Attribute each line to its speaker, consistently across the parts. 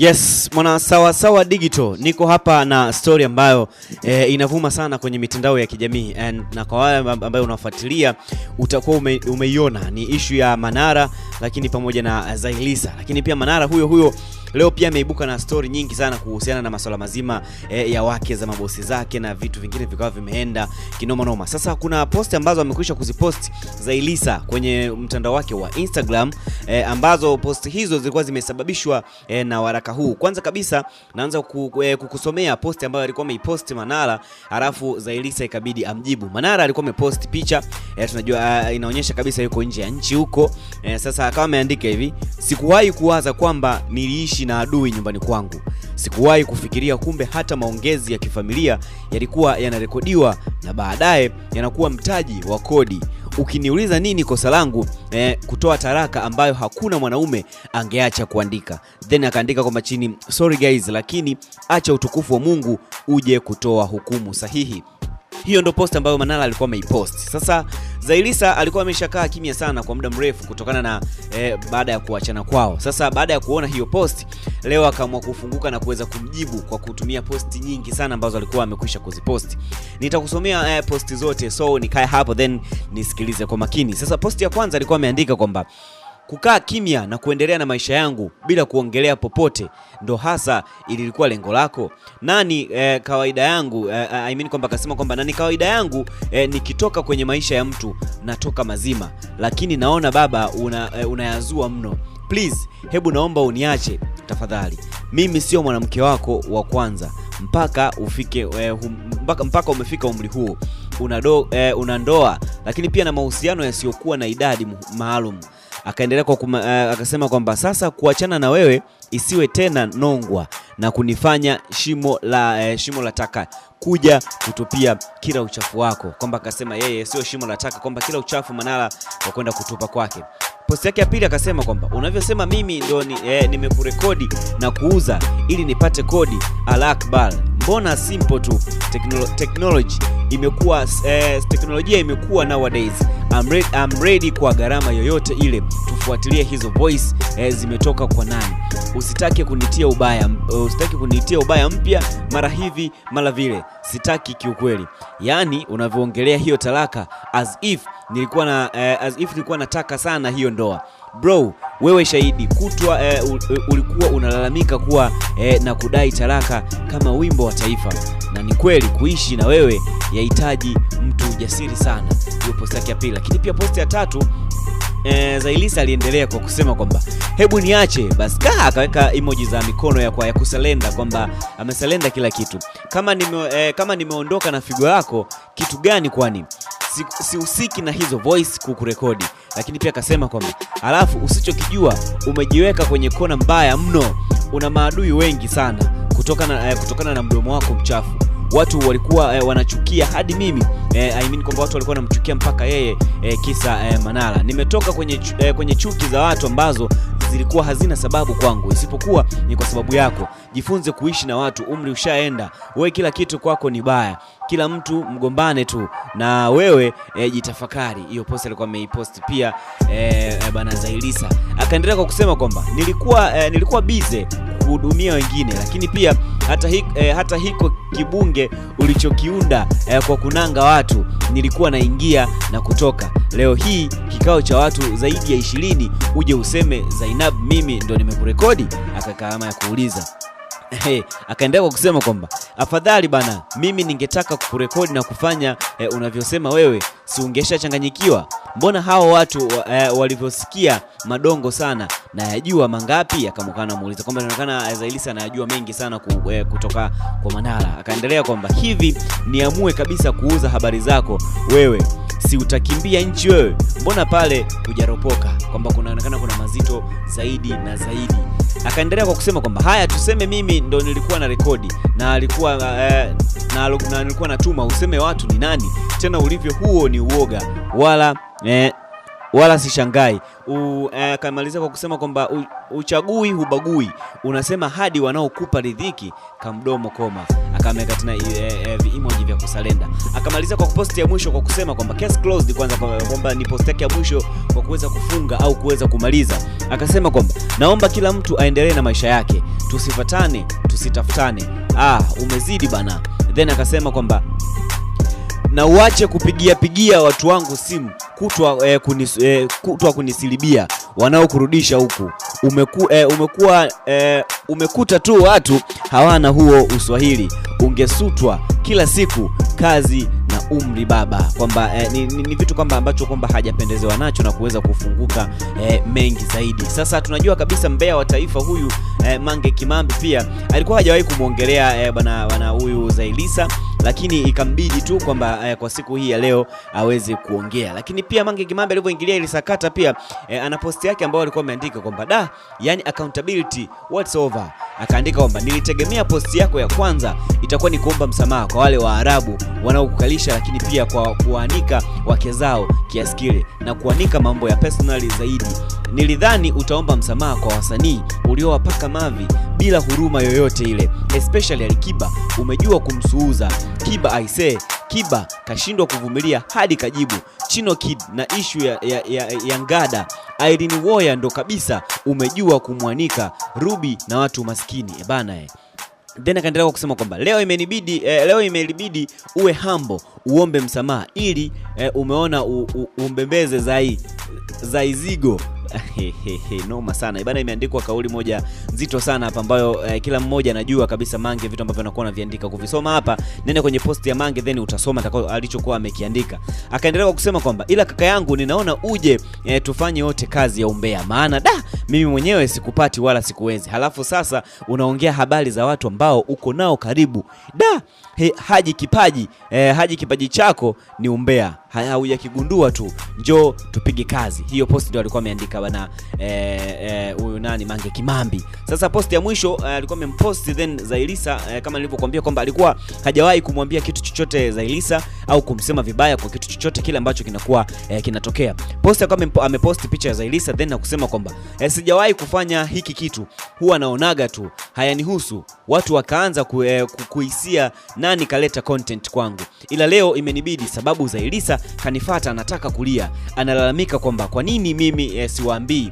Speaker 1: Yes, mwana sawa sawa digital, niko hapa na story ambayo e, inavuma sana kwenye mitandao ya kijamii and, na kwa wale ambayo unafuatilia utakuwa ume, umeiona ni ishu ya Manara lakini pamoja na Zailisa, lakini pia Manara huyo huyo leo pia ameibuka na story nyingi sana kuhusiana na masuala mazima e, ya wake za mabosi zake na vitu vingine vikawa vimeenda kinoma noma. Sasa kuna post ambazo amekwisha kuzipost Zailisa kwenye mtandao wake wa Instagram e, ambazo posti hizo zilikuwa zimesababishwa e, na waraka huu. Kwanza kabisa naanza kukusomea post ambayo alikuwa ameipost Manara, alafu Zailisa ikabidi amjibu. Manara alikuwa amepost picha e, tunajua ah, inaonyesha kabisa yuko nje ya nchi huko e, sasa akawa ameandika hivi, sikuwahi kuwaza kwamba niliishi na adui nyumbani kwangu. Sikuwahi kufikiria kumbe hata maongezi ya kifamilia yalikuwa yanarekodiwa na baadaye yanakuwa mtaji wa kodi. Ukiniuliza nini kosa langu eh, kutoa taraka ambayo hakuna mwanaume angeacha kuandika. Then akaandika kwamba chini, sorry guys, lakini acha utukufu wa Mungu uje kutoa hukumu sahihi. Hiyo ndo post ambayo manala alikuwa ameipost. Sasa Zailisa alikuwa ameshakaa kimya sana kwa muda mrefu kutokana na eh, baada ya kuachana kwao. Sasa baada ya kuona hiyo post leo akaamua kufunguka na kuweza kumjibu kwa kutumia posti nyingi sana ambazo alikuwa amekwisha kuziposti. Nitakusomea eh, posti zote, so nikae hapo then nisikilize kwa makini. Sasa posti ya kwanza alikuwa ameandika kwamba kukaa kimya na kuendelea na maisha yangu bila kuongelea popote, ndo hasa ililikuwa lengo lako? Nani e, kawaida yangu e, I mean kwamba akasema kwamba nani kawaida yangu e, nikitoka kwenye maisha ya mtu natoka mazima, lakini naona baba una, e, unayazua mno. Please, hebu naomba uniache tafadhali, mimi sio mwanamke wako wa kwanza mpaka ufike e, hum, mpaka, mpaka umefika umri huu una e, ndoa, lakini pia na mahusiano yasiyokuwa na idadi maalum. Akaendelea kwa kuma, uh, akasema kwamba sasa kuachana na wewe isiwe tena nongwa na kunifanya shimo la, uh, shimo la taka kuja kutupia kila uchafu wako, kwamba akasema yeye sio shimo la taka, kwamba kila uchafu Manara wa kwenda kutupa kwake. Posti yake ya pili akasema kwamba unavyosema mimi ndio eh, nimekurekodi eh, na kuuza ili nipate kodi. Alakbar, mbona simple tu Teknolo technology imekuwa eh, teknolojia imekuwa nowadays I'm ready, I'm ready kwa gharama yoyote ile tufuatilie hizo voice eh, zimetoka kwa nani usitaki kunitia ubaya usitaki kunitia ubaya mpya mara hivi mara vile sitaki kiukweli yaani unavyoongelea hiyo talaka as if nilikuwa na eh, as if nilikuwa nataka sana hiyo ndoa bro wewe shahidi kutwa e, ulikuwa unalalamika kuwa e, na kudai talaka kama wimbo wa taifa, na ni kweli kuishi na wewe yahitaji mtu ujasiri sana. Hiyo posti yake ya pili, lakini pia posti ya tatu e, Zailisa aliendelea kwa kusema kwamba hebu niache basi, ka akaweka emoji za mikono ya, kwa ya kusalenda kwamba amesalenda kila kitu. Kama nime, e, kama nimeondoka na figo yako kitu gani? Kwani sihusiki si na hizo voice kukurekodi lakini pia akasema kwamba alafu usichokijua umejiweka kwenye kona mbaya mno, una maadui wengi sana kutokana, na, eh, kutokana na mdomo wako mchafu. Watu walikuwa eh, wanachukia hadi mimi eh, I mean kwamba watu walikuwa wanamchukia mpaka yeye eh, kisa eh, Manara. Nimetoka kwenye, eh, kwenye chuki za watu ambazo zilikuwa hazina sababu kwangu, isipokuwa ni kwa sababu yako. Jifunze kuishi na watu, umri ushaenda, wewe kila kitu kwako ni baya, kila mtu mgombane tu na wewe e, jitafakari. Hiyo post alikuwa ameipost pia e, bana Zailisa akaendelea kwa kusema kwamba nilikuwa, e, nilikuwa bize kuhudumia wengine, lakini pia hata, hik, eh, hata hiko kibunge ulichokiunda eh, kwa kunanga watu nilikuwa naingia na kutoka. Leo hii kikao cha watu zaidi ya ishirini uje useme Zainab, mimi ndo nimekurekodi? akakaama ya kuuliza. Hey, akaendelea kwa kusema kwamba afadhali bana, mimi ningetaka kukurekodi na kufanya eh, unavyosema wewe, si ungeshachanganyikiwa? Mbona hao watu eh, walivyosikia madongo sana nayajua mangapi? Akamwaka anamuuliza kwamba inaonekana Azailisa anayajua mengi sana eh, kutoka kwa Manara. Akaendelea kwamba hivi, niamue kabisa kuuza habari zako wewe, si utakimbia nchi wewe? Mbona pale hujaropoka, kwamba kunaonekana kuna mazito zaidi na zaidi. Akaendelea kwa kusema kwamba haya, tuseme mimi ndo nilikuwa na rekodi na alikuwa eh, na, na nilikuwa natuma, useme watu ni nani tena. Ulivyo huo ni uoga, wala eh, wala sishangai. Eh, akamalizia uh, kwa kusema kwamba uchagui hubagui, unasema hadi wanaokupa ridhiki kamdomo koma. Akameka tena eh, eh, emoji vya kusalenda. Akamaliza kwa posti ya mwisho kwa kusema kwamba case closed, kwanza kwamba ni post yake ya mwisho kwa kuweza kufunga au kuweza kumaliza. Akasema kwamba naomba kila mtu aendelee na maisha yake, tusifatane, tusitafutane. Ah, umezidi bana. Then akasema kwamba na uache kupigia pigia watu wangu simu kutwa, eh, kunis, eh, kutwa kunisilibia wanaokurudisha huku umeku, eh, umekuwa eh, umekuta tu watu hawana huo uswahili ungesutwa kila siku kazi umri baba, kwamba eh, ni, ni, ni vitu kwamba ambacho kwamba hajapendezewa nacho na kuweza kufunguka eh, mengi zaidi. Sasa tunajua kabisa mbea wa taifa huyu eh, Mange Kimambi pia alikuwa hajawahi kumwongelea eh, bana, bwana huyu Zailisa lakini ikambidi tu kwamba eh, kwa siku hii ya leo aweze kuongea. Lakini pia Mange Kimambi alivyoingilia ile sakata pia eh, ana posti yake ambayo alikuwa ameandika kwamba da, yani accountability what's over. Akaandika kwamba nilitegemea posti yako ya kwanza itakuwa ni kuomba msamaha kwa wale wa arabu wanaokukalisha lakini pia kwa kuanika wake zao kiasi kile na kuanika mambo ya personal zaidi. Nilidhani utaomba msamaha kwa wasanii uliowapaka mavi bila huruma yoyote ile, especially Alikiba. Umejua kumsuuza Kiba aisee. Kiba kashindwa kuvumilia hadi kajibu Chino Kid na ishu ya, ya, ya, ya Ngada Irene Woya ndo kabisa umejua kumwanika Ruby na watu maskini ebana eh. Then akaendelea kwa kusema kwamba leo imenibidi eh, leo imenibidi uwe hambo uombe msamaha ili eh, umeona u, u, umbembeze zai zaizigo noma sana ibana. Eh, imeandikwa kauli moja nzito sana hapa ambayo eh, kila mmoja anajua kabisa Mange vitu ambavyo anakuwa anaviandika. Kuvisoma hapa, nenda kwenye post ya Mange then utasoma alichokuwa amekiandika. Akaendelea kwa kusema kwamba ila kaka yangu, ninaona uje eh, tufanye wote kazi ya umbea, maana da mimi mwenyewe sikupati wala sikuwezi, halafu sasa unaongea habari za watu ambao uko nao karibu. Da he, Haji kipaji eh, Haji kipaji chako ni umbea hauyakigundua tu, njo tupige kazi. Hiyo post ndio alikuwa ameandika bana eh, eh, huyu e, e, nani Mange Kimambi. Sasa post ya mwisho eh, alikuwa amempost then Zailisa uh, kama nilivyokuambia kwamba alikuwa hajawahi kumwambia kitu chochote Zailisa au kumsema vibaya kwa kitu chochote kile ambacho kinakuwa uh, kinatokea. Post akawa amepost picha ya Zailisa then na kusema kwamba uh, sijawahi kufanya hiki kitu, huwa naonaga tu hayanihusu. Watu wakaanza kuhisia nani kaleta content kwangu ila leo imenibidi sababu za Elisa kanifata, anataka kulia, analalamika kwamba kwa nini mimi eh, siwaambii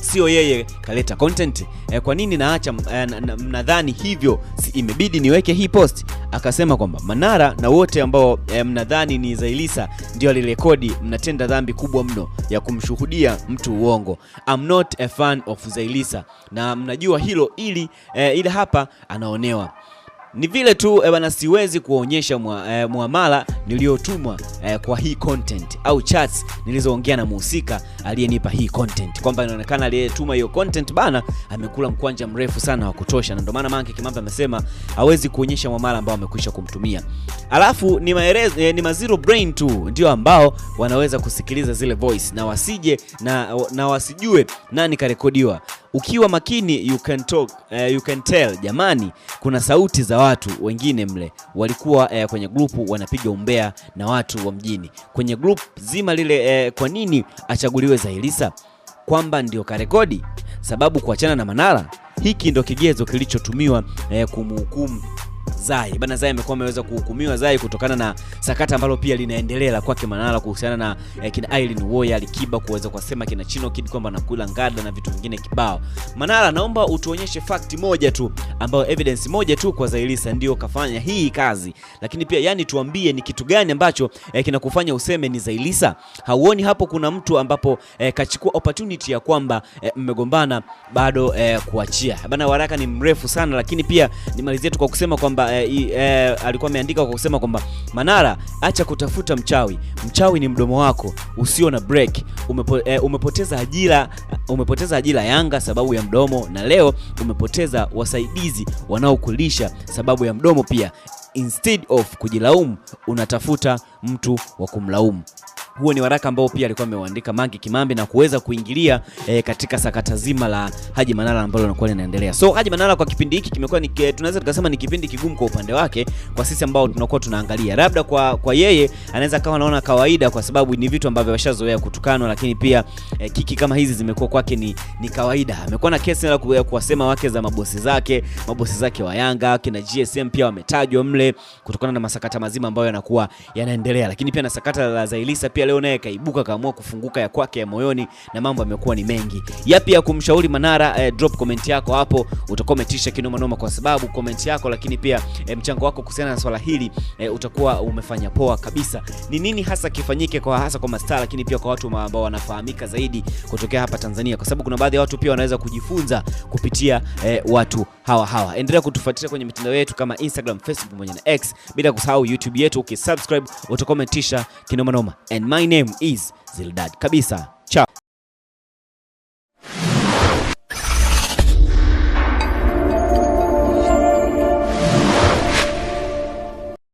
Speaker 1: sio yeye kaleta content eh, kwa nini naacha? Eh, mnadhani hivyo si imebidi niweke hii post? Akasema kwamba Manara na wote ambao eh, mnadhani ni Zailisa ndio alirekodi, mnatenda dhambi kubwa mno ya kumshuhudia mtu uongo. I'm not a fan of Zailisa, na mnajua hilo ili eh, ile hapa anaonewa ni vile tu e, bana siwezi kuonyesha muamala eh, e, niliyotumwa e, eh, kwa hii content au chats nilizoongea na muhusika aliyenipa hii content, kwamba inaonekana aliyetuma hiyo content bana amekula mkwanja mrefu sana wa kutosha, na ndio maana Mange Kimambi amesema hawezi kuonyesha muamala ambao amekwisha kumtumia. Alafu ni maerezo, e, ni mazero brain tu ndio ambao wanaweza kusikiliza zile voice na wasije na, na wasijue nani karekodiwa ukiwa makini you can talk, uh, you can tell. Jamani, kuna sauti za watu wengine mle walikuwa uh, kwenye grupu wanapiga umbea na watu wa mjini kwenye grupu zima lile. Uh, kwa nini achaguliwe zahilisa Kwamba ndio karekodi, sababu kuachana na Manara, hiki ndo kigezo kilichotumiwa uh, kumhukumu Zai. Bana Zai amekuwa ameweza kuhukumiwa Zai kutokana na sakata ambalo pia linaendelea la kwake Manara kuhusiana na eh, kina Aileen Warrior Alikiba kuweza kusema kina Chino Kid kwamba anakula ngada na vitu vingine kibao. Manara, naomba utuonyeshe fact moja tu ambayo evidence moja tu kwa Zailisa ndio kafanya hii kazi, lakini pia yani, tuambie ni kitu gani ambacho eh, kinakufanya useme ni Zailisa. Hauoni hapo kuna mtu ambapo eh, kachukua opportunity ya kwamba eh, mmegombana bado eh, kuachia bana. Waraka ni mrefu sana, lakini pia nimalizie tu kwa kusema kwa kwamba eh, eh, alikuwa ameandika kwa kusema kwamba Manara, acha kutafuta mchawi. Mchawi ni mdomo wako usio na break. Umepo, eh, umepoteza ajira, umepoteza ajira Yanga sababu ya mdomo, na leo umepoteza wasaidizi wanaokulisha sababu ya mdomo pia. Instead of kujilaumu, unatafuta mtu wa kumlaumu. Huo ni waraka ambao pia alikuwa ameuandika Mange Kimambi na kuweza kuingilia eh, katika sakata zima la Haji Manara ambalo linakuwa linaendelea. So Haji Manara kwa kipindi hiki kimekuwa ni tunaweza tukasema ni kipindi kigumu kwa upande wake, kwa sisi ambao tunakuwa tunaangalia, labda kwa, kwa yeye anaweza kawa anaona kawaida, kwa sababu ni vitu ambavyo washazoea kutukanwa, lakini pia eh, kiki kama hizi zimekuwa kwake ni, ni kawaida. Amekuwa na kesi ya kuwasema wake za mabosi zake, mabosi zake wa Yanga kina GSM pia wametajwa mle kutokana na masakata mazima ambayo yanakuwa yanaendelea, lakini pia na sakata la Zailisa pia pia leo naye kaibuka kaamua kufunguka ya kwake ya moyoni na mambo yamekuwa ni mengi. Yapi ya kumshauri Manara? Eh, drop comment yako hapo, utakuwa umetisha kinoma noma kwa sababu comment yako, lakini pia eh, mchango wako kuhusiana na swala hili eh, utakuwa umefanya poa kabisa. Ni nini hasa kifanyike kwa hasa kwa masta lakini pia kwa watu ambao wanafahamika zaidi kutokea hapa Tanzania, kwa sababu kuna baadhi ya watu pia wanaweza kujifunza kupitia eh, watu hawa hawa. Endelea kutufuatilia kwenye mitandao yetu kama Instagram, Facebook pamoja na X, bila kusahau YouTube yetu. Ukisubscribe utakomentisha kinomanoma. And my name is Zildad kabisa.